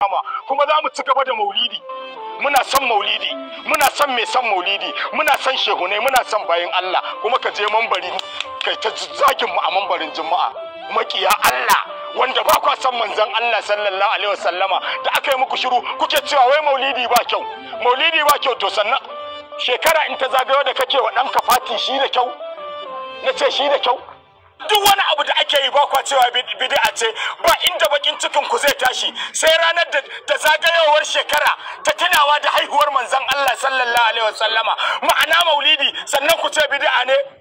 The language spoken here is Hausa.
kama kuma za mu ci gaba da maulidi muna son maulidi muna son mai son maulidi muna son shehunai muna son bayan Allah kuma ka je mambari kai ta zagin mu a mambarin juma'a makiya Allah wanda ba kwa son manzon Allah sallallahu alaihi wasallama da aka yi muku shiru kuke cewa wai maulidi ba kyau maulidi ba kyau to sannan shekara in ta zagayo da kake wa ɗanka fati shi da kyau na ce shi da kyau duk wani abu da ake cewa bid'a ce ba inda bakin cikin ku zai tashi sai ranar da zagayowar shekara ta tunawa da haihuwar manzon Allah sallallahu alaihi wasallama ma'ana maulidi sannan ku ce bid'a ne